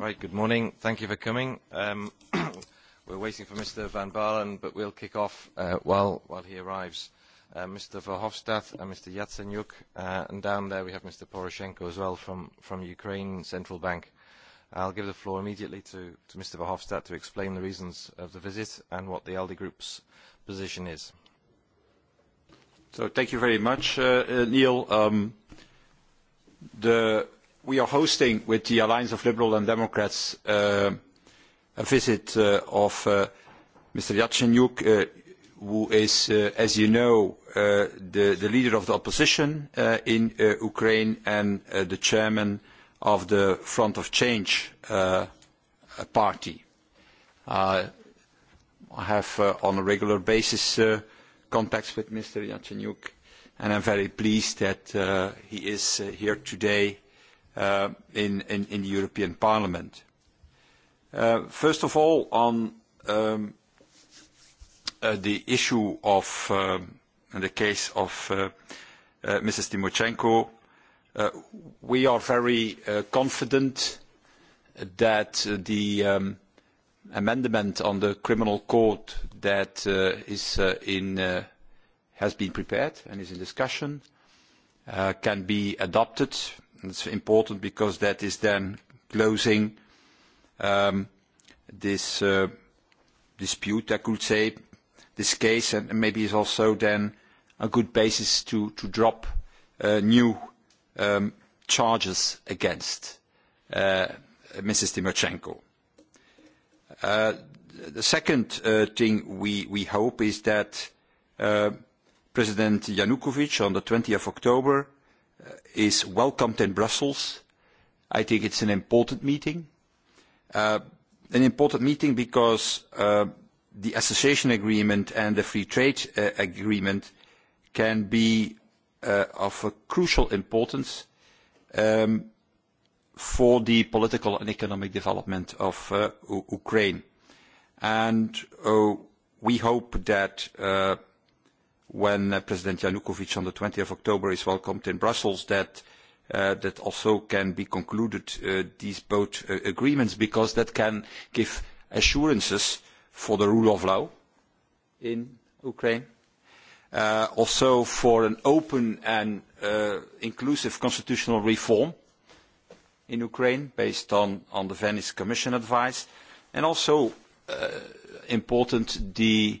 Right, good morning. Thank you for coming. Um, we're waiting for Mr. Van Balen, but we'll kick off uh, while, while he arrives. Uh, Mr. Verhofstadt and Mr. Yatsenyuk, uh, and down there we have Mr. Poroshenko as well from, from Ukraine Central Bank. I'll give the floor immediately to, to Mr. Verhofstadt to explain the reasons of the visit and what the ALDE Group's position is. So thank you very much, uh, uh, Neil. Um, the we are hosting with the Alliance of Liberal and Democrats uh, a visit uh, of uh, Mr. Yatsenyuk, uh, who is, uh, as you know, uh, the, the leader of the opposition uh, in uh, Ukraine and uh, the chairman of the Front of Change uh, party. Uh, I have uh, on a regular basis uh, contacts with Mr. Yatsenyuk, and I'm very pleased that uh, he is uh, here today Uh, in, in, in the European Parliament. Uh, first of all, on um, uh, the issue of, um, in the case of uh, uh, Mrs. Timochenko, uh, we are very uh, confident that the um, amendment on the criminal code that uh, is uh, in uh, has been prepared and is in discussion uh, can be adopted It's important because that is then closing um, this uh, dispute, I could say, this case, and maybe is also then a good basis to, to drop uh, new um, charges against uh, Mrs. Tymoshenko. the second thing we, we hope is that President Yanukovych on the 20th of October Uh, is welcomed in Brussels. I think it's an important meeting. Uh, an important meeting because uh, the association agreement and the free trade uh, agreement can be uh, of a crucial importance um, for the political and economic development of uh, Ukraine. And uh, we hope that uh, when uh, President Yanukovych on the 20th of October is welcomed in Brussels that uh, that also can be concluded uh, these both uh, agreements because that can give assurances for the rule of law in Ukraine, uh, also for an open and uh, inclusive constitutional reform in Ukraine based on, on the Venice Commission advice, and also uh, important the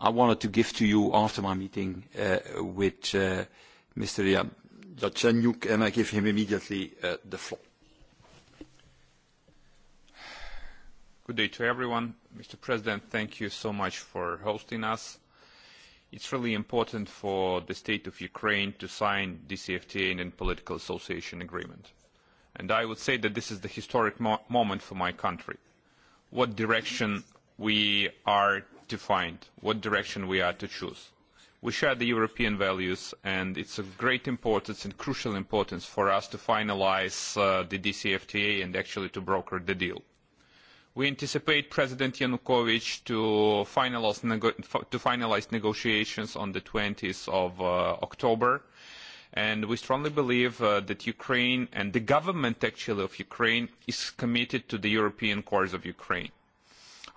I wanted to give to you after my meeting uh, with uh, Mr. Yatsenyuk, and I give him immediately uh, the floor. Good day to everyone. Mr. President, thank you so much for hosting us. It's really important for the state of Ukraine to sign DCFTA and political association agreement. And I would say that this is the historic mo moment for my country. What direction we are defined what direction we are to choose. We share the European values and it's of great importance and crucial importance for us to finalize uh, the DCFTA and actually to broker the deal. We anticipate President Yanukovych to finalize, nego to finalize negotiations on the 20th of uh, October and we strongly believe uh, that Ukraine and the government actually of Ukraine is committed to the European course of Ukraine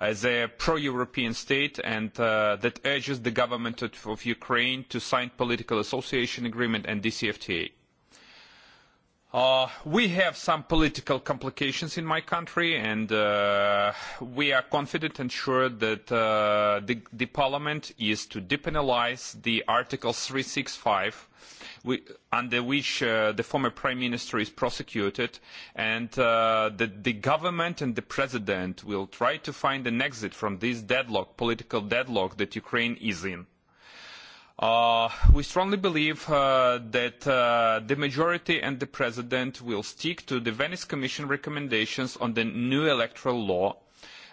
as a pro-European state and uh, that urges the government of Ukraine to sign political association agreement and DCFTA. Uh, we have some political complications in my country, and uh, we are confident and sure that uh, the, the parliament is to depenalize the Article 365 under which uh, the former prime minister is prosecuted, and uh, the, the government and the president will try to find an exit from this deadlock, political deadlock that Ukraine is in. Uh, we strongly believe uh, that uh, the majority and the president will stick to the Venice Commission recommendations on the new electoral law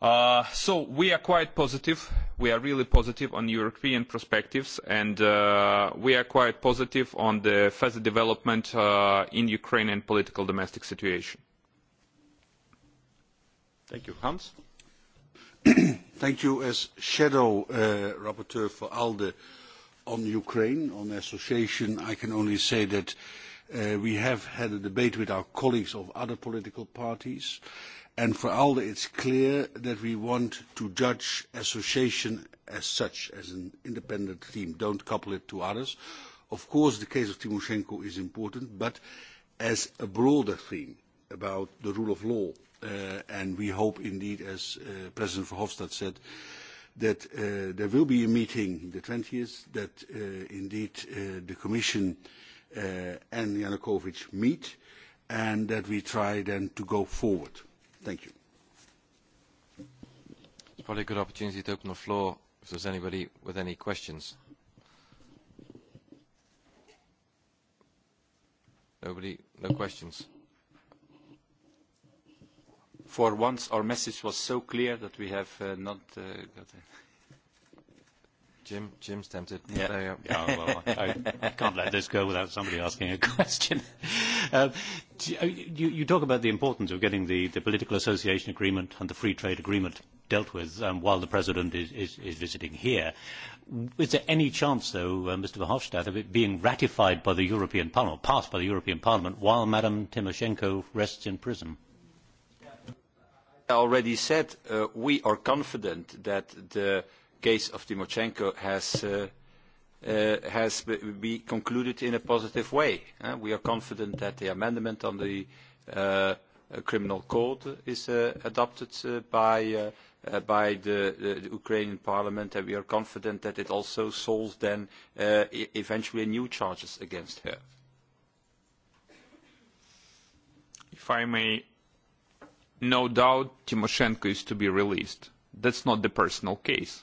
Uh, so we are quite positive. We are really positive on European perspectives, and uh, we are quite positive on the further development uh, in Ukraine and political domestic situation. Thank you, Hans. Thank you, as shadow rapporteur for ALDE on Ukraine on association. I can only say that. Uh, Uh, we have had a debate with our colleagues of other political parties, and for ALDE it's clear that we want to judge association as such, as an independent team. Don't couple it to others. Of course, the case of Timoshenko is important, but as a broader theme about the rule of law, uh, and we hope indeed, as uh, President Verhofstadt said, that uh, there will be a meeting the 20th, that uh, indeed uh, the Commission uh, and Yanukovych meet and that we try then to go forward. Thank you. It's probably a good opportunity to open the floor if there's anybody with any questions. Nobody? No questions? For once, our message was so clear that we have uh, not uh, got... Jim, Jim's tempted. Yeah, there you Oh, well, I, I can't let this go without somebody asking a question. Um, oh, you, you talk about the importance of getting the, the political association agreement and the free trade agreement dealt with um, while the president is, is, is visiting here. Is there any chance, though, uh, Mr. Verhofstadt, of it being ratified by the European Parliament, passed by the European Parliament, while Madam Tymoshenko rests in prison? I already said uh, we are confident that the case of Tymoshenko has, uh, uh, has been concluded in a positive way. Uh, we are confident that the amendment on the uh, uh, criminal code is uh, adopted uh, by, uh, uh, by the, the, the Ukrainian parliament and we are confident that it also solves then uh, e, eventually new charges against her. If I may, no doubt Timoshenko is to be released. That's not the personal case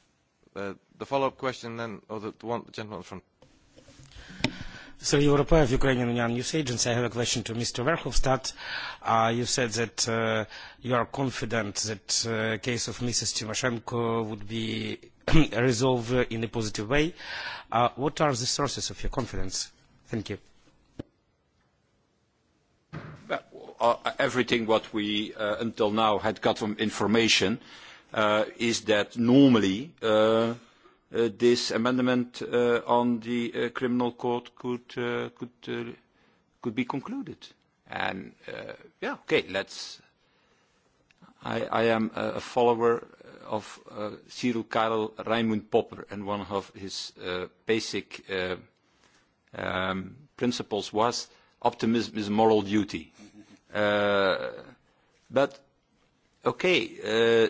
Uh, the follow-up question then, or the, the one, the gentleman from so of Ukrainian Union News Agency, I have a question to Mr. Verhofstadt. Uh, you said that uh, you are confident that the uh, case of Mrs. Tymoshenko would be resolved in a positive way. Uh, what are the sources of your confidence? Thank you. Well, uh, Everything what we uh, until now had got from information uh, Uh, is that normally uh, uh, this amendment on the criminal code could be concluded. And yeah, okay, let's. I, I am a follower of uh, Cyril Karel Raimund Popper, and one of his basic um, principles was optimism is moral duty. but okay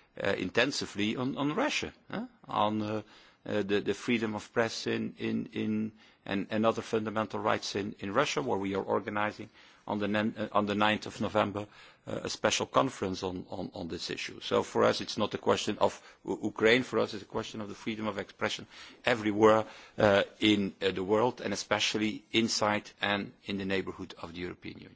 uh, intensively on, on Russia, huh? on uh, uh, the, the freedom of press in, in, in, and, and other fundamental rights in, in Russia, where we are organizing on the, uh, on the 9th of November uh, a special conference on, on, on this issue. So for us, it's not a question of U Ukraine. For us, it's a question of the freedom of expression everywhere uh, in uh, the world, and especially inside and in the neighborhood of the European Union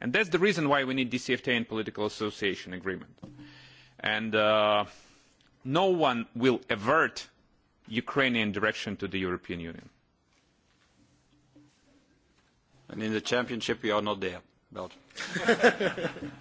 And that's the reason why we need DCFTA and political association agreement. And uh, no one will avert Ukrainian direction to the European Union. And in the championship, we are not there, Belgium.